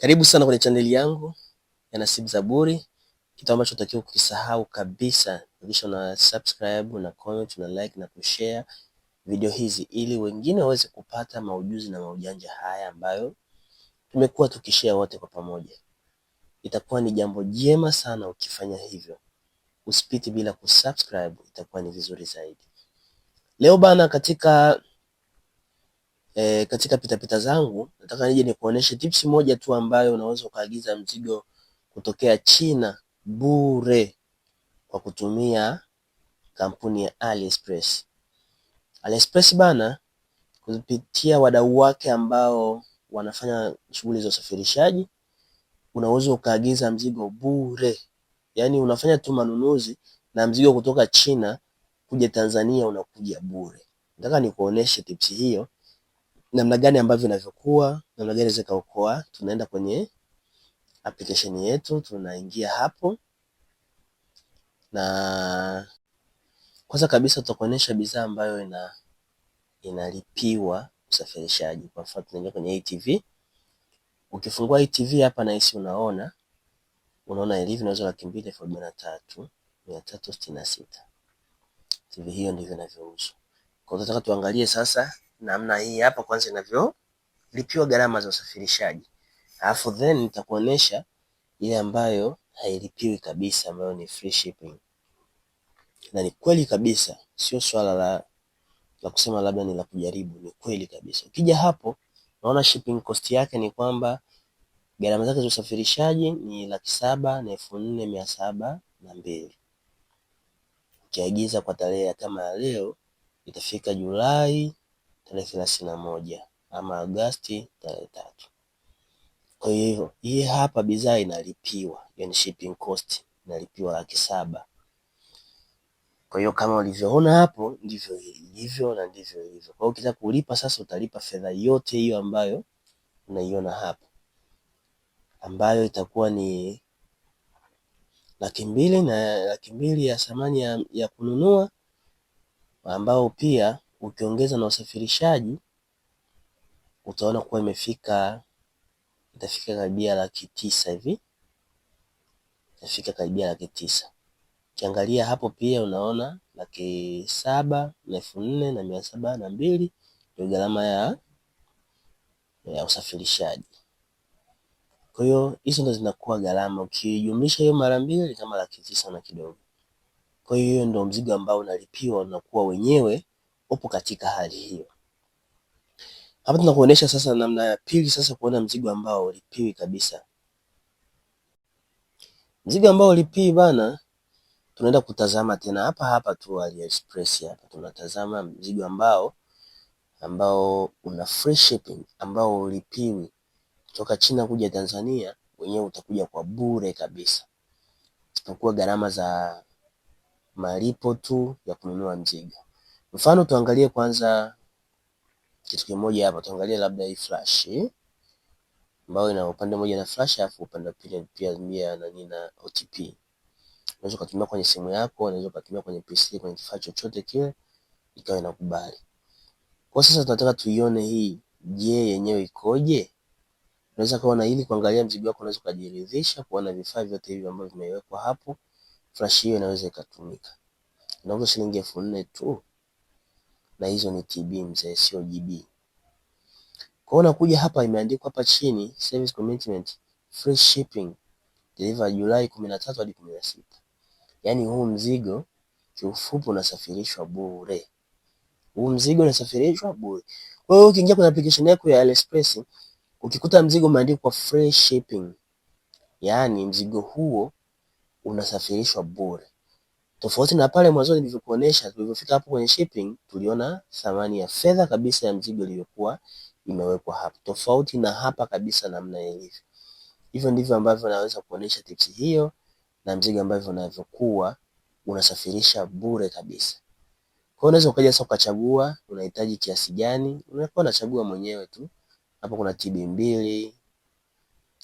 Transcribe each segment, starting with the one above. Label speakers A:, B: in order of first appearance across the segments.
A: Karibu sana kwenye chaneli yangu ya Nasibu Zaburi. Kitu ambacho unatakiwa kukisahau kabisa, hakikisha una subscribe, una comment, una like na kushare video hizi ili wengine waweze kupata maujuzi na maujanja haya ambayo tumekuwa tukishare wote kwa pamoja. Itakuwa ni jambo jema sana ukifanya hivyo. Usipiti bila kusubscribe, itakuwa ni vizuri zaidi. Leo bana, katika e, katika pitapita zangu nataka nije nikuoneshe tips moja tu ambayo unaweza ukaagiza mzigo kutokea China bure kwa kutumia kampuni ya AliExpress. AliExpress bana, kupitia wadau wake ambao wanafanya shughuli za usafirishaji, unaweza ukaagiza mzigo bure, yaani unafanya tu manunuzi na mzigo kutoka China kuja Tanzania unakuja bure. Nataka nikuoneshe tips hiyo namna gani ambavyo inavyokuwa, namna gani zikaokoa. Tunaenda kwenye application yetu, tunaingia hapo na kwanza kabisa tutakuonyesha bidhaa ambayo ina inalipiwa usafirishaji. Kwa mfano tunaingia kwenye ATV. Ukifungua ATV hapa na hisi unaona unaona ilivyo nauza laki mbili elfu arobaini na tatu mia tatu sitini na sita. TV hiyo ndivyo inavyouzwa. Kwa hiyo tunataka tuangalie sasa namna hii hapa kwanza inavyolipiwa gharama za usafirishaji, alafu then nitakuonesha ile ambayo hailipiwi kabisa ambayo ni free shipping. Na ni kweli kabisa, sio swala la, la kusema labda ni la kujaribu, ni kweli kabisa. Ukija hapo naona shipping cost yake ni kwamba gharama zake za usafirishaji ni laki saba na elfu nne mia saba na mbili ukiagiza kwa tarehe kama ya leo itafika Julai tarehe thelathini na moja ama Agosti tarehe tatu. Kwa hiyo hii hapa bidhaa inalipiwa, yani shipping cost inalipiwa laki saba. Kwa hiyo kama ulivyoona hapo ndivyo ilivyo na ndivyo ilivyo. Kwa hiyo ukitaka kulipa sasa, utalipa fedha yote hiyo ambayo unaiona hapo ambayo itakuwa ni laki mbili na laki mbili ya thamani ya, ya kununua ambao pia ukiongeza na usafirishaji utaona kuwa imefika itafika karibia laki tisa hivi, itafika karibia laki tisa. Ukiangalia hapo pia unaona laki saba na elfu nne na mia saba na mbili ndio gharama ya, ya usafirishaji. Kwa hiyo hizo ndo zinakuwa gharama, ukijumlisha hiyo mara mbili kama laki tisa na kidogo. Kwa hiyo hiyo ndo mzigo ambao unalipiwa unakuwa wenyewe upo katika hali hiyo. Hapa tunakuonesha sasa namna ya pili sasa kuona mzigo ambao ulipiwi kabisa. Mzigo ambao ulipii bana, tunaenda kutazama tena hapa hapa tu AliExpress hapa tunatazama mzigo ambao ambao una free shipping ambao ulipiwi kutoka China kuja Tanzania, wenyewe utakuja kwa bure kabisa, isipokuwa gharama za malipo tu ya kununua mzigo. Mfano tuangalie kwanza kitu kimoja hapa, tuangalie labda hii flash ambayo ina upande mmoja na flash alafu upande pili pia mia na nina OTP. Unaweza kutumia kwenye simu yako, unaweza kutumia kwenye PC, kwenye kifaa chochote kile ikawa inakubali. Kwa sasa tunataka tuione hii, je, yenyewe ikoje? Unaweza kuona ili kuangalia mzigo wako, unaweza kujiridhisha kuona vifaa vyote hivi ambavyo vimewekwa hapo, flash hiyo inaweza ikatumika. Inauzwa shilingi elfu nne tu na hizo ni TB mzee, sio GB. Kwa hiyo unakuja hapa, imeandikwa hapa chini service commitment free shipping deliver Julai kumi na tatu hadi kumi na sita. Yaani huu mzigo kiufupi unasafirishwa bure, huu mzigo unasafirishwa bure. Kwa hiyo ukiingia kwenye application yako ya AliExpress ukikuta mzigo umeandikwa free shipping, yaani mzigo huo unasafirishwa bure. Tofauti na pale mwanzo nilivyokuonesha, tulivyofika hapo kwenye shipping, tuliona thamani ya fedha kabisa ya mzigo iliyokuwa imewekwa hapo, tofauti na hapa kabisa namna ilivyo. Hivyo ndivyo ambavyo naweza kuonesha tips hiyo na mzigo ambavyo unavyokuwa unasafirisha bure kabisa. Kwa hiyo unaweza ukaja sasa ukachagua unahitaji kiasi gani, unakuwa unachagua mwenyewe tu. Hapo kuna TB mbili,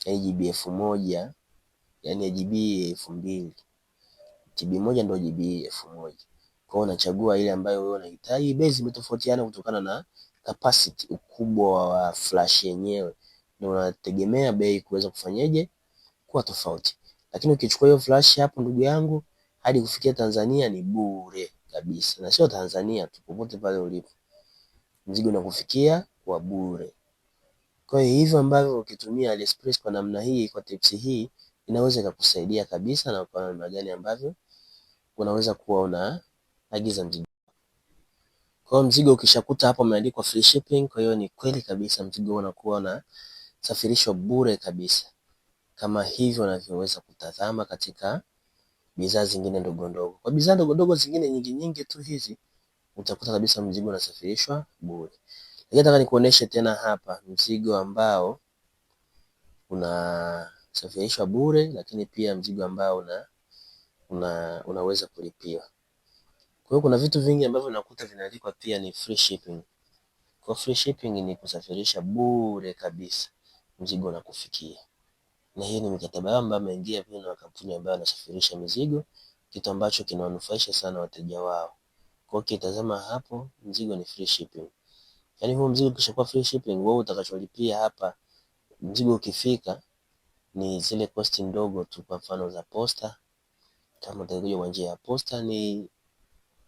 A: AGB elfu moja, yani AGB elfu mbili GB moja ndio GB elfu moja. Kwa hiyo unachagua ile ambayo wewe unahitaji. Bei zimetofautiana kutokana na capacity, ukubwa wa flash yenyewe, ndio unategemea bei kuweza kufanyaje kuwa tofauti. Lakini ukichukua hiyo flash hapo, ndugu yangu, hadi kufikia Tanzania ni bure kabisa, na sio Tanzania tu, popote pale ulipo mzigo unakufikia kwa bure. Kwa hiyo hivyo ambavyo ukitumia AliExpress kwa namna hii, kwa tips hii inaweza ikakusaidia kabisa, na kwa namna gani ambavyo unaweza kuwa unaagiza mzigo. Kwa hiyo mzigo ukishakuta hapo umeandikwa free shipping, kwa hiyo ni kweli kabisa mzigo unakuwa unasafirishwa bure kabisa, kama hivyo unavyoweza kutazama katika bidhaa zingine ndogo ndogo. Kwa bidhaa ndogo ndogo zingine nyingi nyingi tu hizi utakuta kabisa mzigo unasafirishwa bure. Lakini nataka nikuoneshe tena hapa mzigo ambao unasafirishwa bure, lakini pia mzigo ambao una una, unaweza kulipia. Kwa hiyo kuna vitu vingi ambavyo unakuta vinalipwa pia ni free shipping. Kwa free shipping ni kusafirisha bure kabisa mzigo unakufikia. Na hii ni mikataba ambayo ameingia pia na kampuni ambayo anasafirisha mizigo, kitu ambacho kinawanufaisha sana wateja wao. Kwa hiyo kitazama hapo, mzigo ni free shipping. Yaani huo mzigo ukishakuwa free shipping, wewe utakacholipia hapa mzigo ukifika ni zile kosti ndogo tu, kwa mfano za posta kama utakuja kwa njia ya posta ni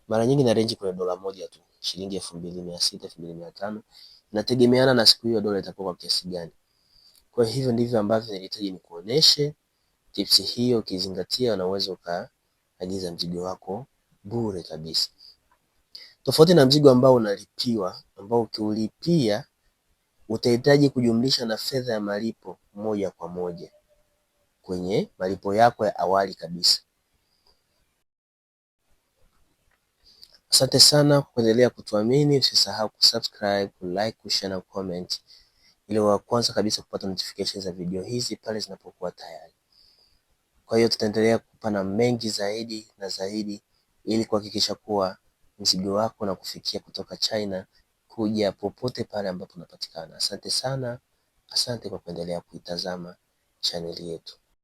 A: mara nyingi na range kuna dola moja tu, shilingi elfu mbili mia sita elfu mbili mia tano inategemeana na siku hiyo dola itakuwa kwa kiasi gani. Kwa hivyo ndivyo ambavyo nilihitaji nikuoneshe tips hiyo, ukizingatia unaweza ukaagiza mzigo wako bure kabisa, tofauti na mzigo ambao unalipiwa, ambao ukiulipia utahitaji kujumlisha na fedha ya malipo moja kwa moja kwenye malipo yako ya awali kabisa. Asante sana kwa kuendelea kutuamini. Usisahau kusubscribe, kulike, kushare na comment ili wa kwanza kabisa kupata notification za video hizi pale zinapokuwa tayari. Kwa hiyo tutaendelea kupana mengi zaidi na zaidi ili kuhakikisha kuwa mzigo wako na kufikia kutoka China kuja popote pale ambapo unapatikana. Asante sana, asante kwa kuendelea kuitazama chaneli yetu.